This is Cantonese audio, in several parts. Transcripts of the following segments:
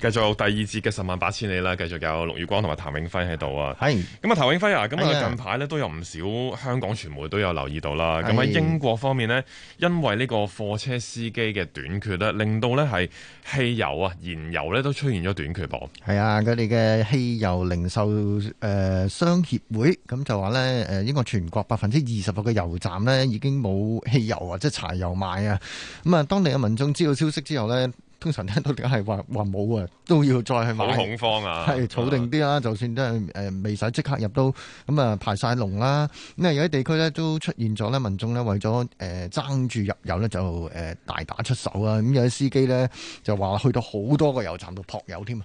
繼續第二節嘅十萬八千里啦，繼續有陸月光同埋譚永輝喺度啊。係，咁啊，譚永輝啊，咁啊，近排咧都有唔少香港傳媒都有留意到啦。咁喺英國方面呢，因為呢個貨車司機嘅短缺咧，令到呢係汽油啊、燃油呢都出現咗短缺噃。係啊，佢哋嘅汽油零售誒商協會咁就話呢，誒，英國全國百分之二十六嘅油站呢已經冇汽油啊，即係柴油賣啊。咁啊，當地嘅民眾知道消息之後呢。通常聽到梗係話話冇啊，都要再去買。好恐慌啊！係 儲定啲啦、嗯，就算是都係未使即刻入到，咁啊排晒龍啦。咁啊有啲地區咧都出現咗咧，民眾咧為咗誒爭住入油咧就誒大打出手啊！咁有啲司機咧就話去到好多個油站度撲油添啊！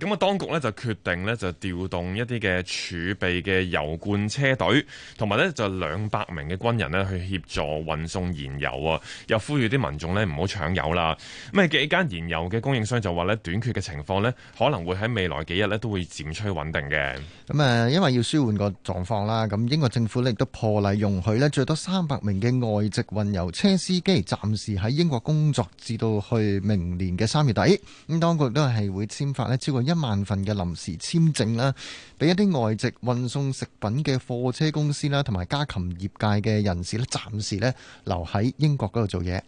咁啊，當局咧就決定咧，就調動一啲嘅儲備嘅油罐車隊同埋咧就兩百名嘅軍人咧去協助運送燃油啊！又呼籲啲民眾咧唔好搶油啦。咁啊，幾間燃油嘅供應商就話咧，短缺嘅情況咧可能會喺未來幾日咧都會漸趨穩定嘅。咁啊，因為要舒緩個狀況啦，咁英國政府咧亦都破例容許咧最多三百名嘅外籍運油車司機暫時喺英國工作，至到去明年嘅三月底。咁當局都係會簽發咧超過。一萬份嘅臨時簽證啦，俾一啲外籍運送食品嘅貨車公司啦，同埋家禽業界嘅人士咧，暫時咧留喺英國嗰度做嘢。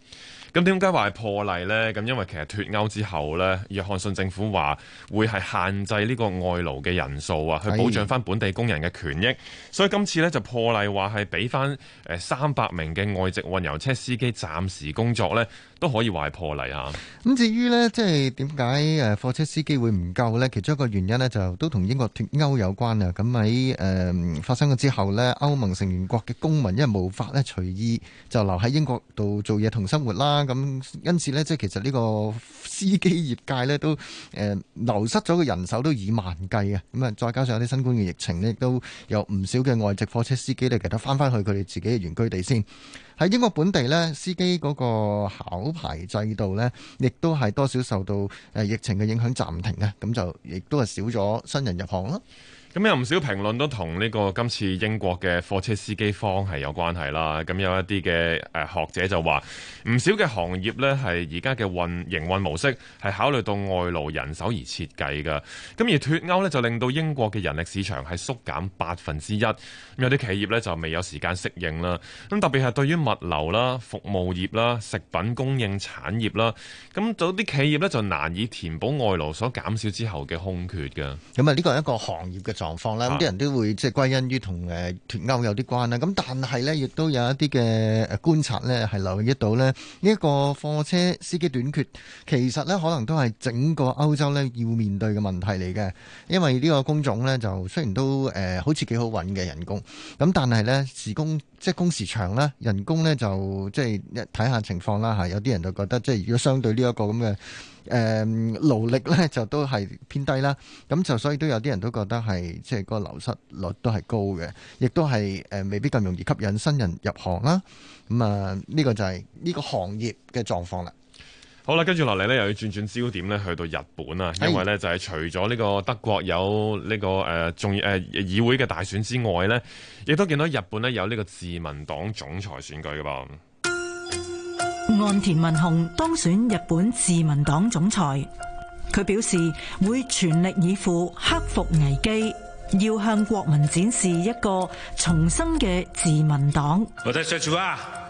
咁點解話係破例呢？咁因為其實脫歐之後呢，約翰遜政府話會係限制呢個外勞嘅人數啊，去保障翻本地工人嘅權益。所以今次呢，就破例話係俾翻三百名嘅外籍運油車司機暫時工作呢，都可以話係破例啊！咁至於呢，即係點解誒貨車司機會唔夠呢？其中一個原因呢，就都同英國脫歐有關啊！咁喺誒發生咗之後呢，歐盟成員國嘅公民因為無法咧隨意就留喺英國度做嘢同生活啦。咁因此呢，即係其實呢個司機業界呢都誒、呃、流失咗嘅人手都以萬計啊！咁啊，再加上啲新冠嘅疫情，亦都有唔少嘅外籍貨車司機呢，其實翻翻去佢哋自己嘅原居地先。喺英國本地呢，司機嗰個考牌制度呢，亦都係多少受到誒疫情嘅影響暫停啊，咁就亦都係少咗新人入行咯。咁有唔少評論都同呢個今次英國嘅貨車司機荒係有關係啦。咁有一啲嘅誒學者就話，唔少嘅行業呢係而家嘅運營運模式係考慮到外勞人手而設計㗎。咁而脫歐呢，就令到英國嘅人力市場係縮減百分之一。咁有啲企業呢，就未有時間適應啦。咁特別係對於物流啦、服務業啦、食品供應產業啦，咁有啲企業呢，就難以填補外勞所減少之後嘅空缺嘅。咁啊，呢個係一個行業嘅狀況啦，咁啲人都會即係歸因於同誒脫歐有啲關啦。咁但係呢，亦都有一啲嘅誒觀察呢，係留意到咧，呢、這、一個貨車司機短缺，其實呢可能都係整個歐洲呢要面對嘅問題嚟嘅。因為呢個工種呢，就雖然都誒好似幾好搵嘅人工，咁但係呢時工。即係工時長啦，人工咧就即係一睇下情況啦嚇。有啲人就覺得即係如果相對呢一個咁嘅誒勞力咧，就都係偏低啦。咁就所以都有啲人都覺得係即係個流失率都係高嘅，亦都係誒未必咁容易吸引新人入行啦。咁啊，呢個就係呢個行業嘅狀況啦。好啦，跟住落嚟咧，又要轉轉焦點咧，去到日本啦，因為咧就係、係、除咗呢個德國有呢、呢個誒仲誒議會嘅大選之外咧，亦都見到日本咧有呢個自民黨總裁選舉嘅噃。岸田文雄當選日本自民黨總裁，佢表示會全力以赴克服危機，要向國民展示一個重生嘅自民黨。我哋 s e 啊！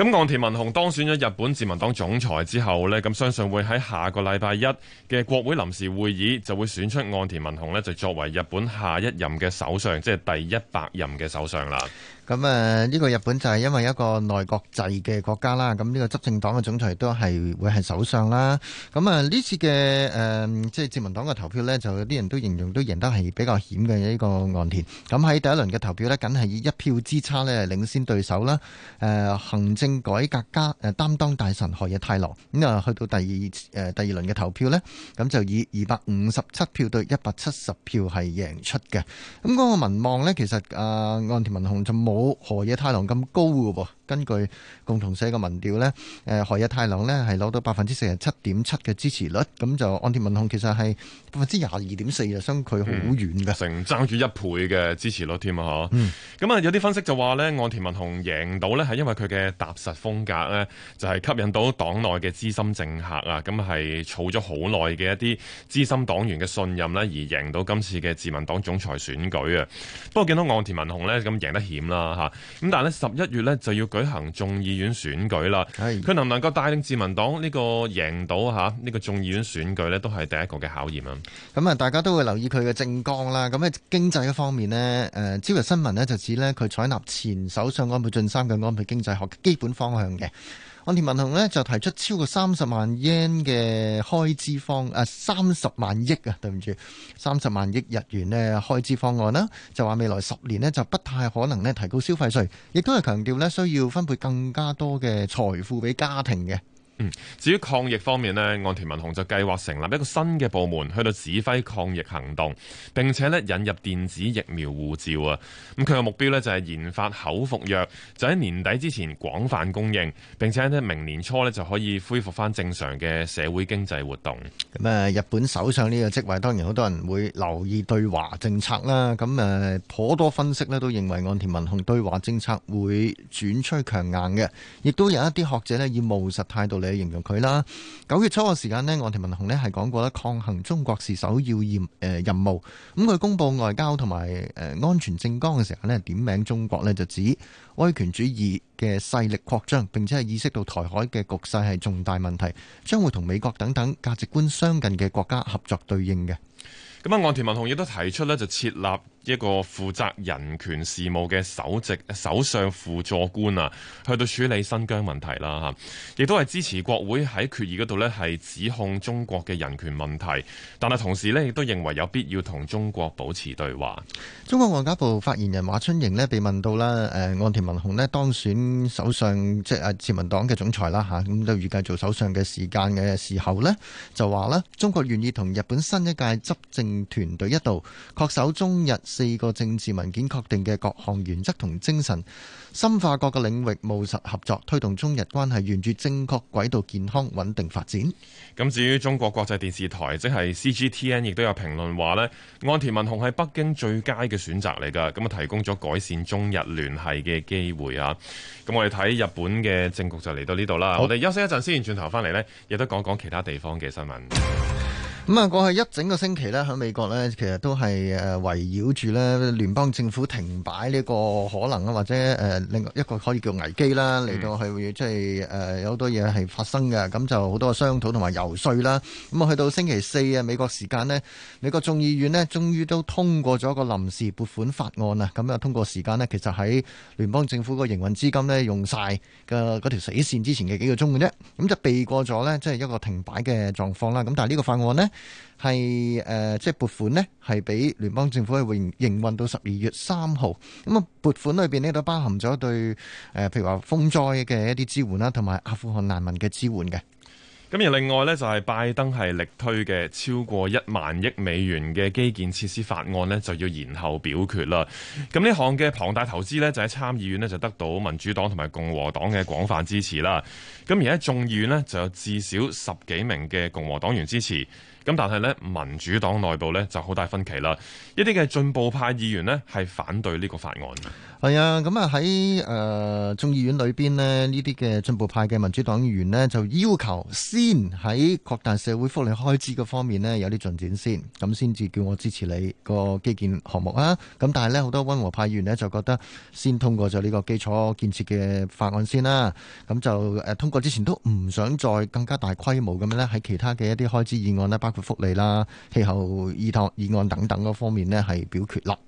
咁岸田文雄當選咗日本自民黨總裁之後咧，咁相信會喺下個禮拜一嘅國會臨時會議就會選出岸田文雄咧，就作為日本下一任嘅首相，即係第一百任嘅首相啦。咁啊，呢個日本就係因為一個內閣制嘅國家啦，咁呢個執政黨嘅總裁都係會係首相啦。咁啊，呢次嘅誒，即係自民黨嘅投票咧，就有啲人都形容都贏得係比較險嘅呢個岸田。咁喺第一輪嘅投票咧，梗係以一票之差咧領先對手啦。誒，行政改革家誒、呃、擔當大臣河野太郎咁啊、嗯，去到第二誒、呃、第二輪嘅投票咧，咁就以二百五十七票對一百七十票係贏出嘅。咁、那、嗰個民望咧，其實啊、呃，岸田文雄就冇河野太郎咁高嘅噃。根據共同社嘅民調呢，誒，河野太郎咧係攞到百分之四十七點七嘅支持率，咁就岸田文雄其實係百分之廿二點四啊，相距好遠嘅，成爭住一倍嘅支持率添啊！嗬、嗯，咁啊，有啲分析就話呢，岸田文雄贏到呢係因為佢嘅踏實風格呢就係、是、吸引到黨內嘅資深政客啊，咁係儲咗好耐嘅一啲資深黨員嘅信任呢，而贏到今次嘅自民黨總裁選舉啊。不過見到岸田文雄呢，咁贏得險啦嚇，咁但係呢，十一月呢，就要舉舉行眾議院選舉啦，佢能唔能夠帶領自民黨呢個贏到吓呢個眾議院選舉呢都係第一個嘅考驗啊！咁啊，大家都會留意佢嘅政綱啦。咁喺經濟嘅方面呢，誒，朝日新聞呢就指呢，佢採納前首相安倍晉三嘅安倍經濟學的基本方向嘅。岸田文雄咧就提出超過三十萬 yen 嘅開支方，啊三十萬億啊，對唔住，三十萬億日元呢開支方案啦，就話未來十年呢就不太可能呢提高消費稅，亦都係強調呢需要分配更加多嘅財富俾家庭嘅。至於抗疫方面咧，岸田文雄就計劃成立一個新嘅部門去到指揮抗疫行動，並且咧引入電子疫苗護照啊。咁佢嘅目標咧就係研發口服藥，就喺年底之前廣泛供應，並且喺明年初咧就可以恢復翻正常嘅社會經濟活動。咁日本首相呢個職位當然好多人會留意對華政策啦。咁啊，頗多分析咧都認為岸田文雄對華政策會轉趨強硬嘅，亦都有一啲學者咧以務實態度嚟。你形容佢啦。九月初嘅時間呢，岸田文雄呢，係講過咧，抗衡，中國是首要任誒任務。咁佢公布外交同埋誒安全政綱嘅時候呢，點名中國呢，就指威權主義嘅勢力擴張，並且係意識到台海嘅局勢係重大問題，將會同美國等等價值觀相近嘅國家合作對應嘅。咁啊，岸田文雄亦都提出呢，就設立。一個負責人權事務嘅首席、啊、首相輔助官啊，去到處理新疆問題啦嚇，亦都係支持國會喺決議嗰度呢，係指控中國嘅人權問題，但係同時呢，亦都認為有必要同中國保持對話。中國外交部發言人華春瑩呢，被問到啦，誒岸田文雄呢，當選首相即係啊自民黨嘅總裁啦嚇，咁都預計做首相嘅時間嘅時候呢，就話呢中國願意同日本新一屆執政團隊一道確守中日四個政治文件確定嘅各項原則同精神，深化各個領域務實合作，推動中日關係沿住正確軌道健康穩定發展。咁至於中國國際電視台即係 CGTN，亦都有評論話咧，岸田文雄係北京最佳嘅選擇嚟噶，咁啊提供咗改善中日聯繫嘅機會啊。咁我哋睇日本嘅政局就嚟到呢度啦。我哋休息一陣先，轉頭翻嚟呢，亦都講講其他地方嘅新聞。咁啊，過去一整個星期呢，喺美國呢，其實都係誒圍繞住呢聯邦政府停擺呢個可能啊，或者誒另一個可以叫危機啦。嚟到去即係誒有好多嘢係發生嘅，咁就好多商討同埋游說啦。咁啊，去到星期四啊，美國時間呢，美國眾議院呢，終於都通過咗一個臨時撥款法案啊。咁啊，通過時間呢，其實喺聯邦政府個營運資金呢，用晒嘅嗰條死線之前嘅幾個鐘嘅啫，咁就避過咗呢，即係一個停擺嘅狀況啦。咁但係呢個法案呢，係誒，即係撥款呢係俾聯邦政府去營運到十二月三號。咁啊，撥款裏邊呢都包含咗對誒、呃，譬如話風災嘅一啲支援啦，同埋阿富汗難民嘅支援嘅。咁而另外呢，就係、是、拜登係力推嘅超過一萬億美元嘅基建設施法案呢，就要延後表決啦。咁呢項嘅龐大投資呢，就喺參議院呢，就得到民主黨同埋共和黨嘅廣泛支持啦。咁而家眾議院呢，就有至少十幾名嘅共和黨員支持。咁但係咧，民主黨內部咧就好大分歧啦。一啲嘅進步派議員咧，係反對呢個法案。係啊，咁啊喺誒眾議院裏邊咧，呢啲嘅進步派嘅民主黨議員咧，就要求先喺擴大社會福利開支嘅方面咧有啲進展先，咁先至叫我支持你個基建項目啊。咁但係咧，好多温和派議員咧就覺得先通過咗呢個基礎建設嘅法案先啦。咁就誒通過之前都唔想再更加大規模咁樣咧喺其他嘅一啲開支議案咧。福利啦、氣候依託議案等等嗰方面咧，係表決啦。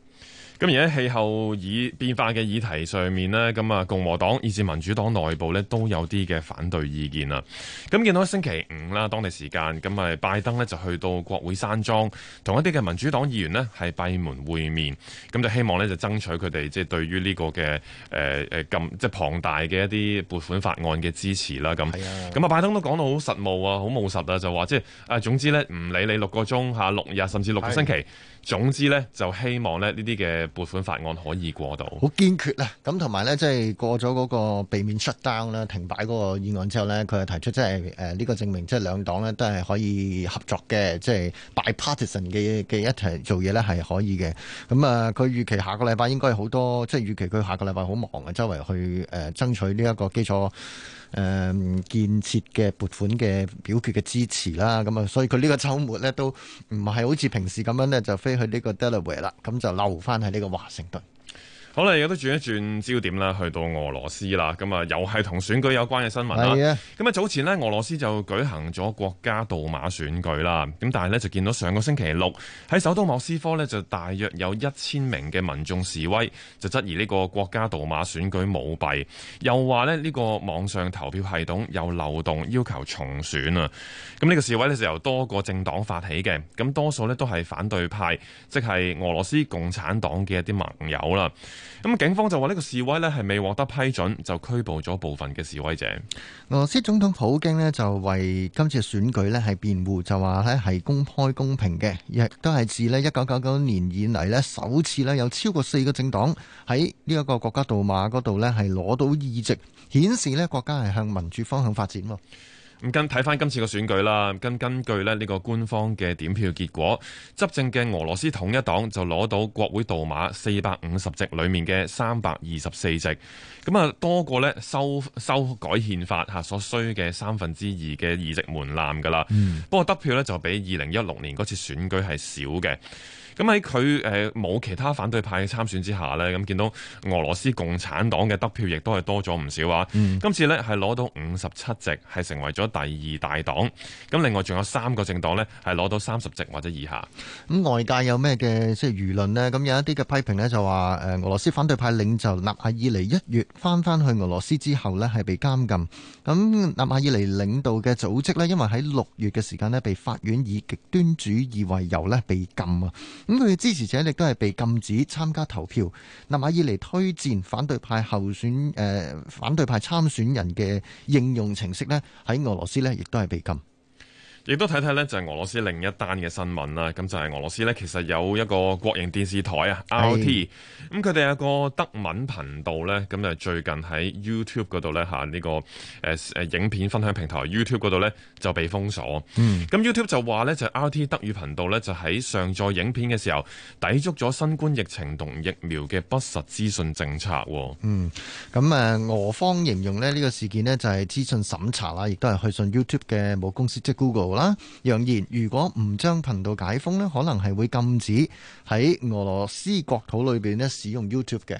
咁而喺氣候以變化嘅議題上面呢，咁啊共和黨以至民主黨內部呢都有啲嘅反對意見啦。咁見到星期五啦，當地時間咁啊拜登呢就去到國會山莊，同一啲嘅民主黨議員呢係閉門會面，咁就希望呢就爭取佢哋即係對於呢、呢個嘅誒咁即係龐大嘅一啲撥款法案嘅支持啦。咁咁啊拜登都講到好實務啊，好務實啊，就話即係啊總之呢唔理你六個鐘下六日甚至六個星期，總之呢就希望呢呢啲嘅。撥款法案可以過到，好堅決啦、啊。咁同埋咧，即係過咗嗰個避免 shutdown 啦、停擺嗰個議案之後呢，佢係提出即係誒呢個證明，即係兩黨呢都係可以合作嘅，即、就、係、是、bipartisan 嘅嘅一齊做嘢呢係可以嘅。咁、嗯、啊，佢、呃、預期下個禮拜應該好多，即係預期佢下個禮拜好忙啊，周圍去誒、呃、爭取呢一個基礎。誒、呃、建設嘅撥款嘅表決嘅支持啦，咁啊，所以佢呢個週末咧都唔係好似平時咁樣咧，就飛去呢個 Delaware 啦，咁就留翻喺呢個華盛頓。好啦，亦都轉一轉焦點啦，去到俄羅斯啦，咁啊，又係同選舉有關嘅新聞啦。咁啊，早前呢，俄羅斯就舉行咗國家杜馬選舉啦。咁但係呢，就見到上個星期六喺首都莫斯科呢，就大約有一千名嘅民眾示威，就質疑呢個國家杜馬選舉舞弊，又話呢，呢個網上投票系統有漏洞，要求重選啊。咁呢個示威呢，就由多個政黨發起嘅，咁多數呢，都係反對派，即係俄羅斯共產黨嘅一啲盟友啦。咁警方就話呢個示威呢係未獲得批准，就拘捕咗部分嘅示威者。俄羅斯總統普京呢就為今次選舉呢係辯護，就話呢係公開公平嘅，亦都係自呢一九九九年以嚟呢首次呢有超過四個政黨喺呢一個國家杜馬嗰度呢係攞到議席，顯示呢國家係向民主方向發展。咁跟睇翻今次個選舉啦，跟根據咧呢個官方嘅點票結果，執政嘅俄羅斯統一黨就攞到國會杜馬四百五十席裡面嘅三百二十四席，咁啊多過咧修修改憲法吓所需嘅三分之二嘅議席門檻㗎喇、嗯。不過得票咧就比二零一六年嗰次選舉係少嘅。咁喺佢冇其他反對派參選之下呢咁見到俄羅斯共產黨嘅得票亦都係多咗唔少啊、嗯。今次呢係攞到五十七席，係成為咗第二大黨。咁另外仲有三個政黨呢，係攞到三十席或者以下。咁、嗯、外界有咩嘅即係輿論呢？咁有一啲嘅批評呢，就話、呃、俄羅斯反對派領袖納瓦爾尼一月返返去俄羅斯之後呢，係被監禁。咁納瓦爾尼領導嘅組織呢，因為喺六月嘅時間呢，被法院以極端主義為由呢，被禁啊。咁佢嘅支持者亦都係被禁止參加投票。納馬爾尼推薦反對派候選、呃、反對派參選人嘅應用程式呢，喺俄羅斯呢亦都係被禁。亦都睇睇咧，就係俄羅斯另一單嘅新聞啦。咁就係俄羅斯咧，其實有一個國營電視台啊，RT。咁佢哋有個德文頻道咧，咁就最近喺 YouTube 嗰度咧，嚇呢個誒誒影片分享平台 YouTube 嗰度咧，就被封鎖。嗯。咁 YouTube 就話咧，就 RT 德語頻道咧就喺上載影片嘅時候抵觸咗新冠疫情同疫苗嘅不實資訊政策。嗯。咁誒俄方形容咧呢個事件呢，就係資訊審查啦，亦都係去信 YouTube 嘅母公司即、就是、Google。啦，揚言如果唔將頻道解封咧可能係會禁止喺俄羅斯國土裏邊咧使用 YouTube 嘅。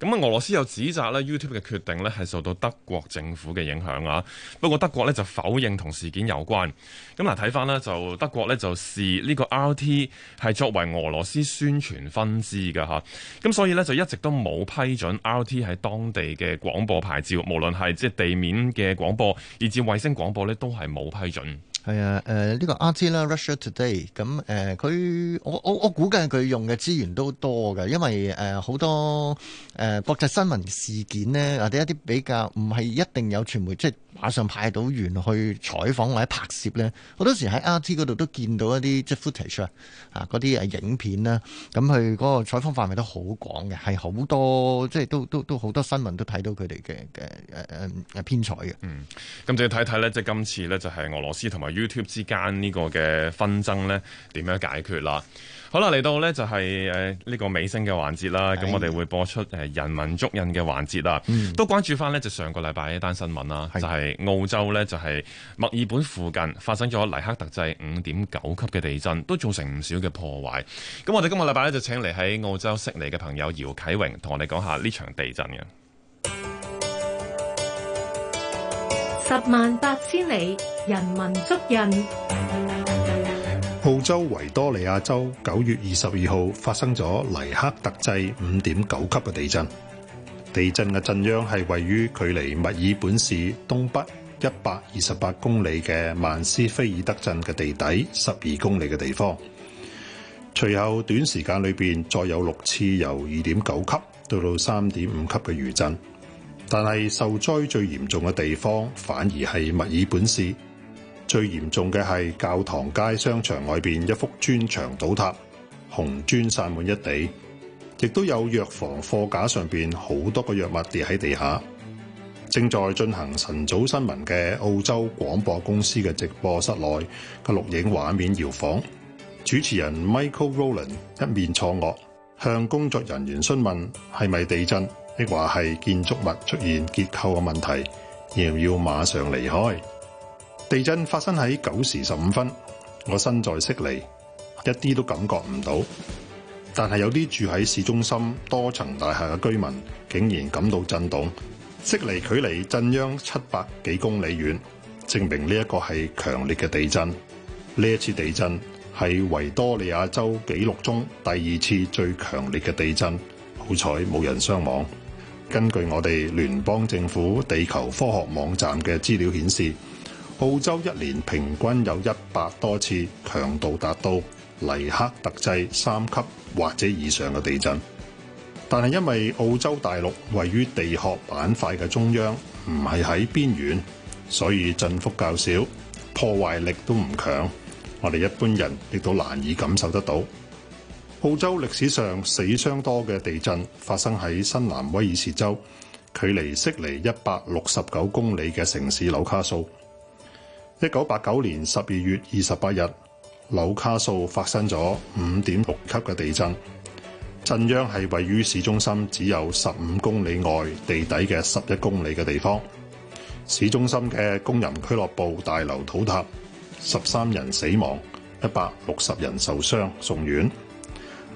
咁啊，俄羅斯有指責咧 YouTube 嘅決定咧係受到德國政府嘅影響啊。不過德國咧就否認同事件有關。咁嗱，睇翻，咧就德國咧就視呢個 RT 係作為俄羅斯宣傳分支嘅吓，咁所以呢，就一直都冇批准 RT 喺當地嘅廣播牌照，無論係即係地面嘅廣播，以至衛星廣播咧都係冇批准。係啊，誒、呃、呢、這個 RT 啦，Russia Today，咁誒佢我我我估計佢用嘅資源都多㗎，因為誒好、呃、多誒、呃、國際新聞事件呢，或者一啲比較唔係一定有傳媒即係。馬上派到員去採訪或者拍攝咧，好多時喺 RT 嗰度都見到一啲即係 footage 啊，嗰啲誒影片啦，咁佢嗰個採訪範圍都好廣嘅，係好多即係都都都好多新聞都睇到佢哋嘅嘅誒誒誒編採嘅。嗯，咁就要睇睇咧，即係今次咧就係俄羅斯同埋 YouTube 之間呢個嘅紛爭咧點樣解決啦。好啦，嚟到咧就係誒呢個尾聲嘅環節啦，咁、哎、我哋會播出誒人物足印嘅環節啦、嗯，都關注翻咧就上個禮拜一單新聞啦，就係。澳洲咧就係墨爾本附近發生咗黎克特制五點九級嘅地震，都造成唔少嘅破壞。咁我哋今個禮拜咧就請嚟喺澳洲悉尼嘅朋友姚啟榮同我哋講下呢場地震嘅。十萬八千里，人物足印。澳洲維多利亞州九月二十二號發生咗黎克特制五點九級嘅地震。地震嘅震央係位於距離墨爾本市東北一百二十八公里嘅曼斯菲爾德鎮嘅地底十二公里嘅地方。隨後短時間裏邊再有六次由二點九級到到三點五級嘅餘震，但係受災最嚴重嘅地方反而係墨爾本市。最嚴重嘅係教堂街商場外邊一幅磚牆倒塌，紅磚散滿一地。亦都有藥房貨架上面好多個藥物跌喺地下，正在進行晨早新聞嘅澳洲廣播公司嘅直播室內嘅錄影畫面搖晃，主持人 Michael Rowland 一面錯愕向工作人員詢問係咪地震，抑或係建築物出現結構嘅問題，要唔要馬上離開？地震發生喺九時十五分，我身在悉尼，一啲都感覺唔到。但係有啲住喺市中心多層大廈嘅居民，竟然感到震動，悉離距離震央七百幾公里遠，證明呢一個係強烈嘅地震。呢一次地震係維多利亞州記錄中第二次最強烈嘅地震，好彩冇人傷亡。根據我哋聯邦政府地球科學網站嘅資料顯示，澳洲一年平均有一百多次強度達到黎克特制三級或者以上嘅地震，但係因為澳洲大陸位於地殼板塊嘅中央，唔係喺邊緣，所以震幅較少，破壞力都唔強，我哋一般人亦都難以感受得到。澳洲歷史上死傷多嘅地震發生喺新南威爾士州，距離悉尼一百六十九公里嘅城市紐卡素，一九八九年十二月二十八日。紐卡素發生咗五點六級嘅地震，震央係位於市中心只有十五公里外地底嘅十一公里嘅地方。市中心嘅工人俱樂部大樓倒塌，十三人死亡，一百六十人受傷送院。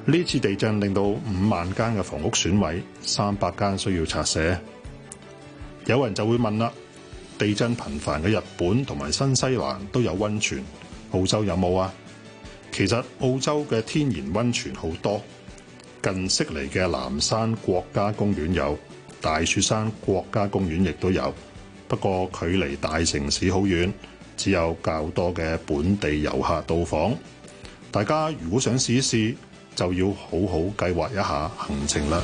呢次地震令到五萬間嘅房屋損毀，三百間需要拆卸。有人就會問啦：地震頻繁嘅日本同埋新西蘭都有温泉，澳洲有冇啊？其實澳洲嘅天然温泉好多，近悉尼嘅藍山國家公園有，大雪山國家公園亦都有。不過距離大城市好遠，只有較多嘅本地遊客到訪。大家如果想試一試，就要好好計劃一下行程啦。